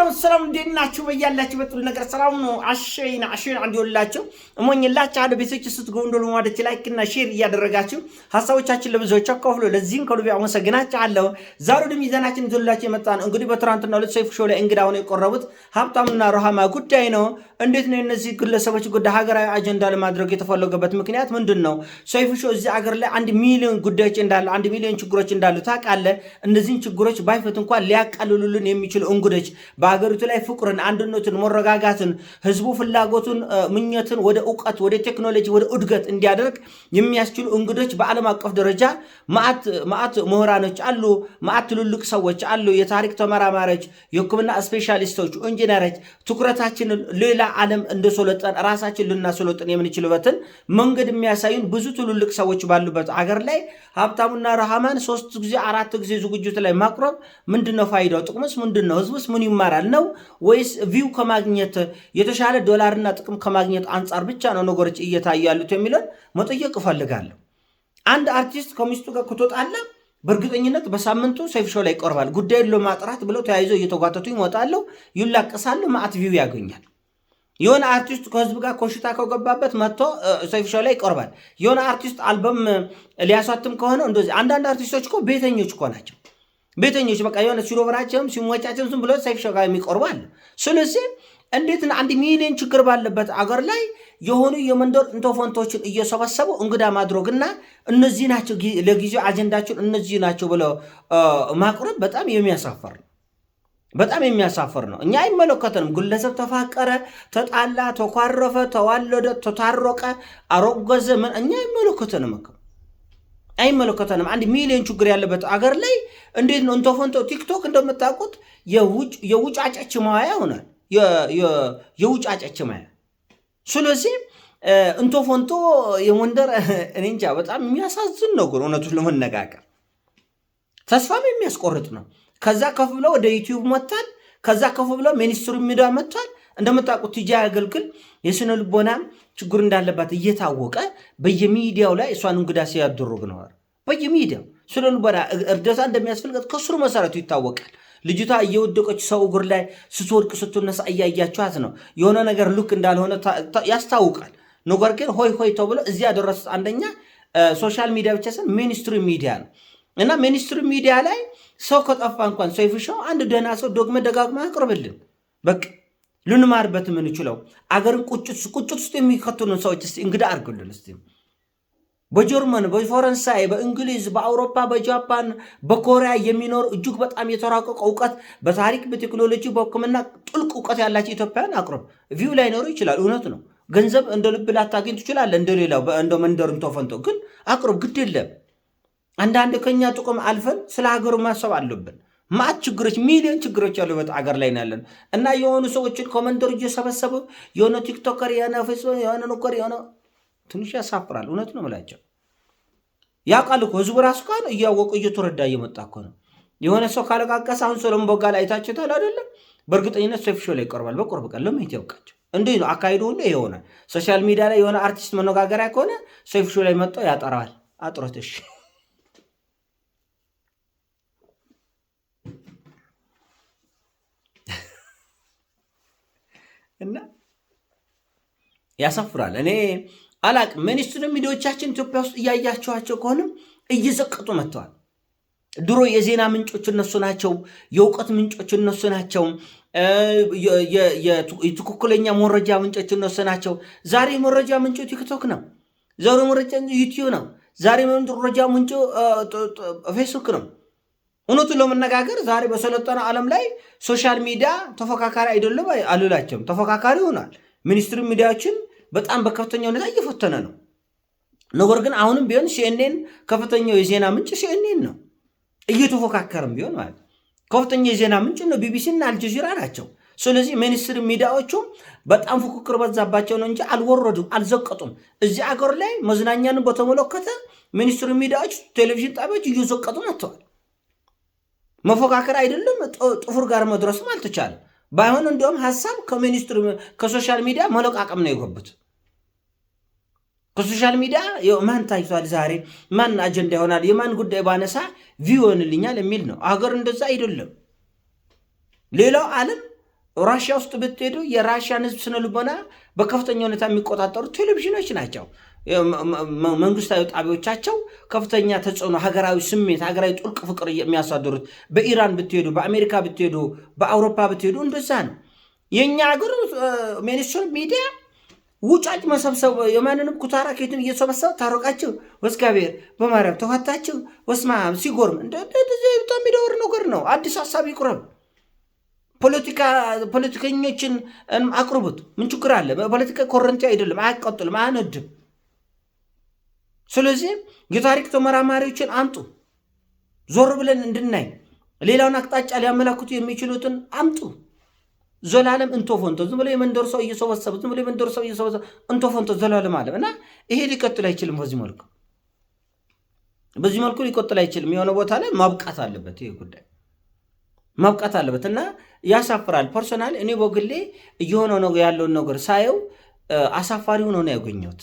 ሰላም ሰላም፣ እንዴት ናችሁ? በያላችሁ በጥሩ ነገር ሰላም ነው። አሸይን አሸይን አንድ ይወላችሁ እሞኝላችሁ አለ ቤቶች ስት ጎንዶ ማለት ላይክ እና ሼር እያደረጋችሁ ሀሳቦቻችን ለብዙዎች አካፍሉ። ለዚህም ከልቤ አመሰግናችኋለሁ። ዛሬ ወደ ሚዛናችን ይዘንላችሁ የመጣን እንግዲህ በትናንትና ሁለት ሰይፍ ሾው ላይ እንግዳ ሆነው የቀረቡት ሀብታሙና ሩሃማ ጉዳይ ነው። እንዴት ነው የነዚህ ግለሰቦች ጉዳይ ሀገራዊ አጀንዳ ለማድረግ የተፈለገበት ምክንያት ምንድን ነው? ሰይፉ ሾው እዚህ አገር ላይ አንድ ሚሊዮን ጉዳዮች እንዳለ አንድ ሚሊዮን ችግሮች እንዳሉ ታውቃለህ። እነዚህን ችግሮች ባይፈት እንኳን ሊያቃልሉልን የሚችሉ እንግዶች በሀገሪቱ ላይ ፍቅርን፣ አንድነትን፣ መረጋጋትን ህዝቡ ፍላጎቱን፣ ምኞትን ወደ እውቀት፣ ወደ ቴክኖሎጂ፣ ወደ እድገት እንዲያደርግ የሚያስችሉ እንግዶች በዓለም አቀፍ ደረጃ ማአት ምሁራኖች አሉ፣ ማአት ትልልቅ ሰዎች አሉ፣ የታሪክ ተመራማሪዎች፣ የህክምና ስፔሻሊስቶች፣ ኢንጂነሮች ትኩረታችንን ሌላ ዓለም እንደሰለጠን ራሳችን ልናሰለጥን የምንችልበትን መንገድ የሚያሳዩን ብዙ ትልልቅ ሰዎች ባሉበት አገር ላይ ሀብታሙና ረሃማን ሶስት ጊዜ አራት ጊዜ ዝግጅት ላይ ማቅረብ ምንድነው ፋይዳው? ጥቅምስ ምንድነው? ህዝብስ ምን ይማራል? ይችላል ነው ወይስ ቪው ከማግኘት የተሻለ ዶላርና ጥቅም ከማግኘት አንጻር ብቻ ነው ነገሮች እየታዩ ያሉት የሚለን መጠየቅ እፈልጋለሁ። አንድ አርቲስት ከሚስቱ ጋር ከተጣላ በእርግጠኝነት በሳምንቱ ሰይፍ ሾው ላይ ይቀርባል። ጉዳዩን ለማጥራት ብለው ተያይዞ እየተጓተቱ ይወጣሉ፣ ይላቀሳሉ፣ ማአት ቪው ያገኛል። የሆነ አርቲስት ከህዝብ ጋር ኮሽታ ከገባበት መጥቶ ሰይፍ ሾው ላይ ይቀርባል። የሆነ አርቲስት አልበም ሊያሳትም ከሆነ እንደዚህ። አንዳንድ አርቲስቶች እኮ ቤተኞች እኮ ናቸው። ቤተኞች በቃ የሆነ ሲሮበራቸውም ሲሞጫቸውም ዝም ብሎ ሰይፍ ሸጋ የሚቆርቡ አለ። ስለዚህ እንዴት አንድ ሚሊዮን ችግር ባለበት አገር ላይ የሆኑ የመንደር እንቶፈንቶችን እየሰበሰቡ እንግዳ ማድረግና እነዚህ ናቸው ለጊዜው አጀንዳችን እነዚህ ናቸው ብሎ ማቅረብ በጣም የሚያሳፈር ነው። በጣም የሚያሳፍር ነው። እኛ አይመለከተንም። ግለሰብ ተፋቀረ፣ ተጣላ፣ ተኳረፈ፣ ተዋለደ፣ ተታረቀ፣ አረገዘ ምን እኛ አይመለከተንም። አይመለከተንም። አንድ ሚሊዮን ችግር ያለበት አገር ላይ እንዴት ነው እንተፈንቶ ቲክቶክ እንደምታውቁት የውጫጨች ማያ ሆናል። የውጫጨች ማያ ስለዚህ እንቶፎንቶ የመንደር እኔ እንጃ በጣም የሚያሳዝን ነገር እውነቱን ለመነጋገር ተስፋም የሚያስቆርጥ ነው። ከዛ ከፍ ብለው ወደ ዩቲዩብ መጥቷል። ከዛ ከፍ ብለው ሚኒስትሩ ሚዲያ መጥቷል። እንደምታውቁት ትጃ አገልግል የስነ ልቦና ችግር እንዳለባት እየታወቀ በየሚዲያው ላይ እሷን እንግዳ ሲያደርግ ነዋል። በየሚዲያው ስለ ልቦና እርዳታ እንደሚያስፈልጋት ከስሩ መሰረቱ ይታወቃል። ልጅቷ እየወደቀች ሰው እግር ላይ ስትወድቅ ስትነሳ እያያችኋት ነው። የሆነ ነገር ልክ እንዳልሆነ ያስታውቃል። ነገር ግን ሆይ ሆይ ተብሎ እዚህ ያደረሱት አንደኛ ሶሻል ሚዲያ ብቻ ሳይሆን ሚኒስትሪ ሚዲያ ነው እና ሚኒስትሪ ሚዲያ ላይ ሰው ከጠፋ እንኳን ሰይፉ ሾው አንድ ደህና ሰው ዶግመ ደጋግመ አቅርብልን በቃ ልንማርበት የምንችለው አገርን ቁጭት ውስጥ የሚከቱንን ሰዎች እንግዳ አድርግልን። በጀርመን፣ በፈረንሳይ፣ በእንግሊዝ፣ በአውሮፓ፣ በጃፓን፣ በኮሪያ የሚኖር እጅግ በጣም የተራቀቀ እውቀት በታሪክ በቴክኖሎጂ፣ በሕክምና ጥልቅ እውቀት ያላቸው ኢትዮጵያን አቅርብ። ቪው ላይኖሩ ይችላል፣ እውነት ነው። ገንዘብ እንደ ልብ ላታገኝ ትችላለህ፣ እንደሌላው እንደ መንደርን ተፈንቶ ግን አቅርብ፣ ግድ የለም። አንዳንድ ከኛ ጥቅም አልፈን ስለ ሀገሩ ማሰብ አለብን። ማት ችግሮች ሚሊዮን ችግሮች ያሉበት አገር ላይ ያለን እና የሆኑ ሰዎችን ከመንደር እየሰበሰበ የሆነ ቲክቶከር የሆነ ፌስቡክ የሆነ ትንሽ ያሳፍራል። እውነት ነው የምላቸው። ያውቃል እኮ ህዝቡ ራሱ ካን እያወቀ እየተረዳ እየመጣ እኮ ነው። የሆነ ሰው ካለቃቀሰ አሁን ሰለሞን በጋ ላይ አይታችሁታል አይደለም? በእርግጠኝነት ሰፊ ላይ ይቀርባል በቅርብ ቀን። ለመሄድ ያውቃቸው እንዲህ ነው አካሄዱ ሁሉ የሆነ ሶሻል ሚዲያ ላይ የሆነ አርቲስት መነጋገሪያ ከሆነ ሰፊ ላይ መጣው ያጠረዋል። አጥሮትሽ እና ያሳፍራል እኔ አላቅ ሚኒስትሪ ሚዲያዎቻችን ኢትዮጵያ ውስጥ እያያቸዋቸው ከሆንም እየዘቀጡ መጥተዋል። ድሮ የዜና ምንጮች እነሱ ናቸው፣ የእውቀት ምንጮች እነሱ ናቸው፣ የትክክለኛ መረጃ ምንጮች እነሱ ናቸው። ዛሬ መረጃ ምንጮ ቲክቶክ ነው። ዛሬ መረጃ ዩቲዩብ ነው። ዛሬ መረጃ ምንጮ ፌስቡክ ነው። እውነቱን ለመነጋገር ዛሬ በሰለጠነ ዓለም ላይ ሶሻል ሚዲያ ተፎካካሪ አይደለም አልላቸውም፣ ተፎካካሪ ሆኗል። ሚኒስትሪ ሚዲያዎችን በጣም በከፍተኛ ሁኔታ እየፈተነ ነው። ነገር ግን አሁንም ቢሆን ሲኤንኤን ከፍተኛው የዜና ምንጭ ሲኤንኤን ነው፣ እየተፎካከርም ቢሆን ማለት ከፍተኛ የዜና ምንጭ ነው። ቢቢሲና አልጀዚራ ናቸው። ስለዚህ ሚኒስትር ሚዲያዎቹም በጣም ፉክክር በዛባቸው ነው እንጂ አልወረዱም፣ አልዘቀጡም። እዚህ አገር ላይ መዝናኛን በተመለከተ ሚኒስትር ሚዲያዎች፣ ቴሌቪዥን ጣቢያዎች እየዘቀጡ መጥተዋል። መፎካከር አይደለም ጥፍር ጋር መድረስም አልተቻለም። ባይሆን እንዲሁም ሀሳብ ከሚኒስትሩ ከሶሻል ሚዲያ መለቃቀም ነው የገቡት። ከሶሻል ሚዲያ ማን ታይቷል፣ ዛሬ ማን አጀንዳ ይሆናል፣ የማን ጉዳይ ባነሳ ቪው ይሆንልኛል የሚል ነው። አገር እንደዛ አይደለም። ሌላው ዓለም ራሽያ ውስጥ ብትሄዱ የራሽያን ህዝብ ስነልቦና በከፍተኛ ሁኔታ የሚቆጣጠሩ ቴሌቪዥኖች ናቸው። መንግስታዊ ጣቢያዎቻቸው ከፍተኛ ተጽዕኖ፣ ሀገራዊ ስሜት፣ ሀገራዊ ጥልቅ ፍቅር የሚያሳድሩት በኢራን ብትሄዱ፣ በአሜሪካ ብትሄዱ፣ በአውሮፓ ብትሄዱ እንደዛ ነው። የእኛ ሀገር ሚኒስትር ሚዲያ ውጫጭ መሰብሰብ የማንንም ኩታራ ኬትን እየሰበሰብ ታረቃችሁ ወስጋቤር በማርያም ተዋታችሁ ወስማ ሲጎርም በጣም የሚደወር ነገር ነው። አዲስ ሀሳብ ይቁረብ። ፖለቲከኞችን አቅርቡት። ምን ችግር አለ? በፖለቲካ ኮረንቲ አይደለም፣ አያቃጥልም፣ አያነድም። ስለዚህ የታሪክ ተመራማሪዎችን አምጡ፣ ዞር ብለን እንድናይ፣ ሌላውን አቅጣጫ ሊያመላክቱ የሚችሉትን አምጡ። ዘላለም እንቶፎንቶ ዝም ብሎ የመንደር ሰው እየሰበሰበ ዝም ብሎ የመንደር ሰው እየሰበሰበ እንቶፎንቶ ዘላለም አለም እና ይሄ ሊቀጥል አይችልም። በዚህ መልኩ በዚህ መልኩ ሊቀጥል አይችልም። የሆነ ቦታ ላይ ማብቃት አለበት ይሄ ጉዳይ። ማብቃት አለበት እና ያሳፍራል። ፐርሶናል እኔ በግሌ እየሆነ ነው ያለውን ነገር ሳየው አሳፋሪ ሆኖ ነው ያገኘት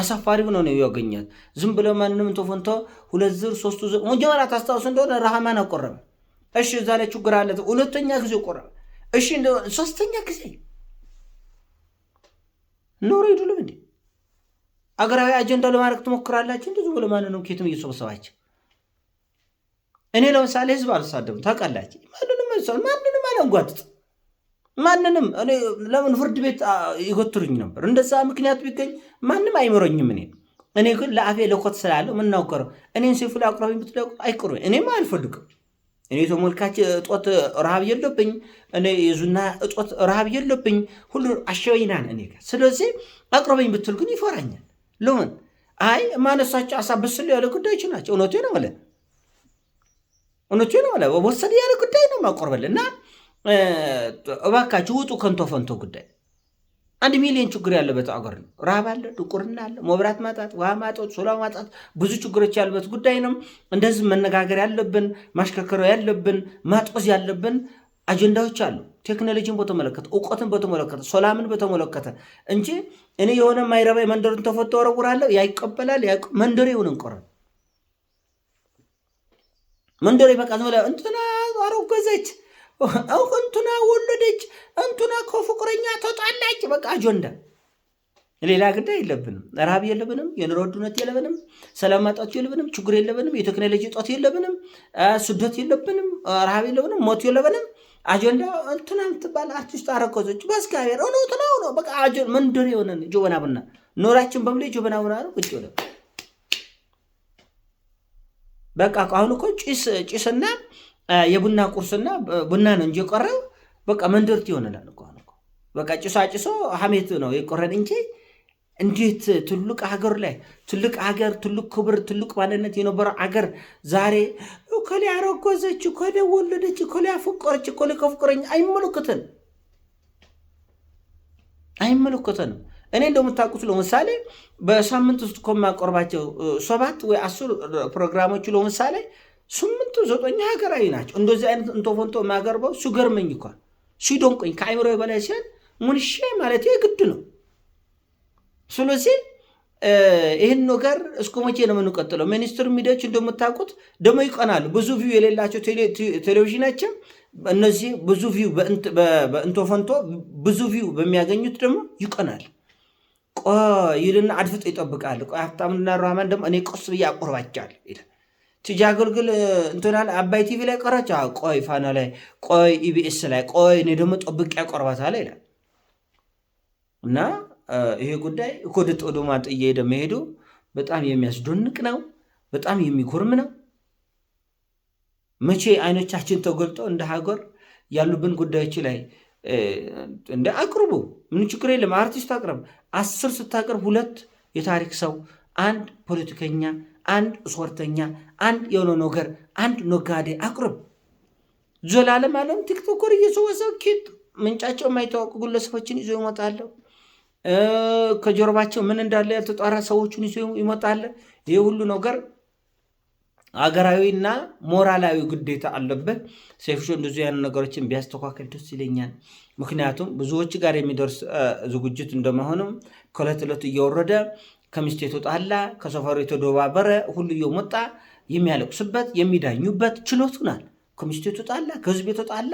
አሳፋሪ ሆኖ ነው ያገኘት። ዝም ብሎ ማንም ተፈንቶ ሁለት ዙር ሶስቱ ዝር መጀመሪያ ታስታውሱ እንደሆነ ረሃማን አቆረበ። እሺ እዛ ላይ ችግር አለ። ሁለተኛ ጊዜ ቆረበ። እሺ ሶስተኛ ጊዜ ኖሮ ይዱልም እንዴ አገራዊ አጀንዳ ለማድረግ ትሞክራላችሁ። እንደዚ ብሎ ማንንም ኬትም እየሰበሰባቸው እኔ ለምሳሌ ህዝብ አልሳደብም። ታውቃላችሁ፣ ማንንም ማንንም አላንጓጥጥ ማንንም ለምን ፍርድ ቤት ይጎትሩኝ ነበር። እንደዛ ምክንያት ቢገኝ ማንም አይምረኝም። እኔ እኔ ግን ለአፌ ለኮት ስላለው የምናገረው እኔን ሴፉ ላይ አቅራቢ ብትለቁ አይቅሩ። እኔም አልፈልግም። እኔ ተመልካች እጦት ረሃብ የለብኝ። እኔ የዙና እጦት ረሃብ የለብኝ። ሁሉ አሸወይናን እኔ ጋር ስለዚህ አቅርበኝ ብትል ግን ይፈራኛል። ለምን አይ ማነሳቸው አሳብ ብስል ያለ ጉዳዮች ናቸው። እውነቴ ነው ማለት እውነቱ ነው አለ ወሰድ ያለ ጉዳይ ነው ማቆርበል እና እባካችሁ ውጡ ከንቶ ፈንቶ ጉዳይ አንድ ሚሊዮን ችግር ያለበት አገር ነው። ረሃብ አለ፣ ድቁርና አለ፣ መብራት ማጣት፣ ውሃ ማጣት፣ ሶላ ማጣት፣ ብዙ ችግሮች ያለበት ጉዳይ ነው። እንደዚህ መነጋገር ያለብን ማሽከርከር ያለብን ማጦዝ ያለብን አጀንዳዎች አሉ። ቴክኖሎጂን በተመለከተ እውቀትን በተመለከተ ሶላምን በተመለከተ እንጂ እኔ የሆነ ማይረባ መንደሩን ተፈቶ ወረውራለሁ ያይቀበላል መንደሩ ይሁን እንቆረን መንደሬ በቃ ዝም ብለህ እንትና አረገዘች፣ እንትና ወለደች፣ እንትና ከፍቅረኛ ተጣላች። በቃ አጀንዳ ሌላ ግዳ የለብንም። ረሃብ የለብንም። የኑሮ ውድነት የለብንም። ሰላም ማጣት የለብንም። ችግር የለብንም። የቴክኖሎጂ እጦት የለብንም። ስደት የለብንም። ረሃብ የለብንም። ሞት የለብንም። አጀንዳ እንትና የምትባል አርቲስት አረገዘች። በእግዚአብሔር እውነት ነው ነው በቃ አጀንዳ መንደር የሆነን ጀበና ቡና ኖራችን በሙሉ ጀበና ቡና ነው ቁጭ ብለን በቃ አሁን እኮ ጭስና የቡና ቁርስና ቡና ነው እንጂ የቆረው በቃ መንደርት ይሆንላል በቃ ጭሷ ጭሶ ሀሜት ነው የቆረን እንጂ እንዴት ትልቅ ሀገር ላይ ትልቅ ሀገር ትልቅ ክብር ትልቅ ማንነት የነበረው አገር ዛሬ እኮሌ አረጎዘች እኮሌ ወለደች እኮሌ አፈቀረች እኮሌ ከፍቅረኝ አይመለከተንም አይመለከተንም። እኔ እንደምታውቁት ለምሳሌ በሳምንት ውስጥ ከማቆርባቸው ሰባት ወይ አስር ፕሮግራሞቹ ለምሳሌ ስምንቱ ዘጠኝ ሀገራዊ ናቸው። እንደዚህ አይነት እንቶፎንቶ የማቀርበው ሲገርመኝ እኮ ሲዶንቆኝ ከአይምሮ በላይ ሲሆን ሙንሼ ማለት ግድ ነው። ስለዚህ ይህን ነገር እስከ መቼ ነው የምንቀጥለው? ሚኒስትር ሚዲያዎች እንደምታውቁት ደሞ ይቀናሉ። ብዙ ቪው የሌላቸው ቴሌቪዥናቸው እነዚህ ብዙ ቪው በእንቶፈንቶ ብዙ ቪው በሚያገኙት ደግሞ ይቀናል። ይልና አድፍጦ ይጠብቃል። ሀብታሙና ሮማን ደግሞ እኔ ቁስ ብዬ አቆርባቸዋለሁ ይላል። አገልግል እንትናል አባይ ቲቪ ላይ ቀረች፣ ቆይ ፋና ላይ፣ ቆይ ኢቢኤስ ላይ፣ ቆይ እኔ ደግሞ ጠብቄ አቆርባታለሁ ይላል እና ይሄ ጉዳይ ወደ ጦዶማጥ እየሄደ መሄዱ በጣም የሚያስደንቅ ነው። በጣም የሚጎርም ነው። መቼ አይኖቻችን ተገልጦ እንደ ሀገር ያሉብን ጉዳዮች ላይ እንደ አቅርቡ፣ ምን ችግር የለም። አርቲስት አቅርብ። አስር ስታቅርብ ሁለት የታሪክ ሰው፣ አንድ ፖለቲከኛ፣ አንድ ስፖርተኛ፣ አንድ የሆነ ነገር፣ አንድ ነጋዴ አቅርብ። ዘላለም አለም ቲክቶከር እየሰወሰው ኪጥ ምንጫቸው የማይታወቁ ግለሰቦችን ይዞ ይመጣለሁ። ከጀርባቸው ምን እንዳለ ያልተጣራ ሰዎችን ይዞ ይመጣለ። ይህ ሁሉ ነገር አገራዊና ሞራላዊ ግዴታ አለበት። ሴፍሾ እንደዚ ያሉ ነገሮችን ቢያስተካከል ደስ ይለኛል። ምክንያቱም ብዙዎች ጋር የሚደርስ ዝግጅት እንደመሆኑም ከዕለት ዕለት እየወረደ ከሚስት የተጣላ ከሰፈሩ የተደባበረ ሁሉ እየመጣ የሚያለቅስበት የሚዳኙበት ችሎቱናል። ከሚስት የተጣላ ከህዝብ የተጣላ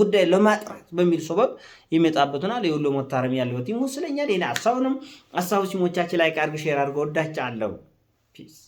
ጉዳይ ለማጥራት በሚል ሰበብ የሚመጣበትና የሁሉ መታረም ያለበት ይመስለኛል። ሌላ ሀሳብንም ሀሳቡ ሲሞቻችን ላይ ቃርግ ሼር አድርገ ወዳቻ አለው ፒስ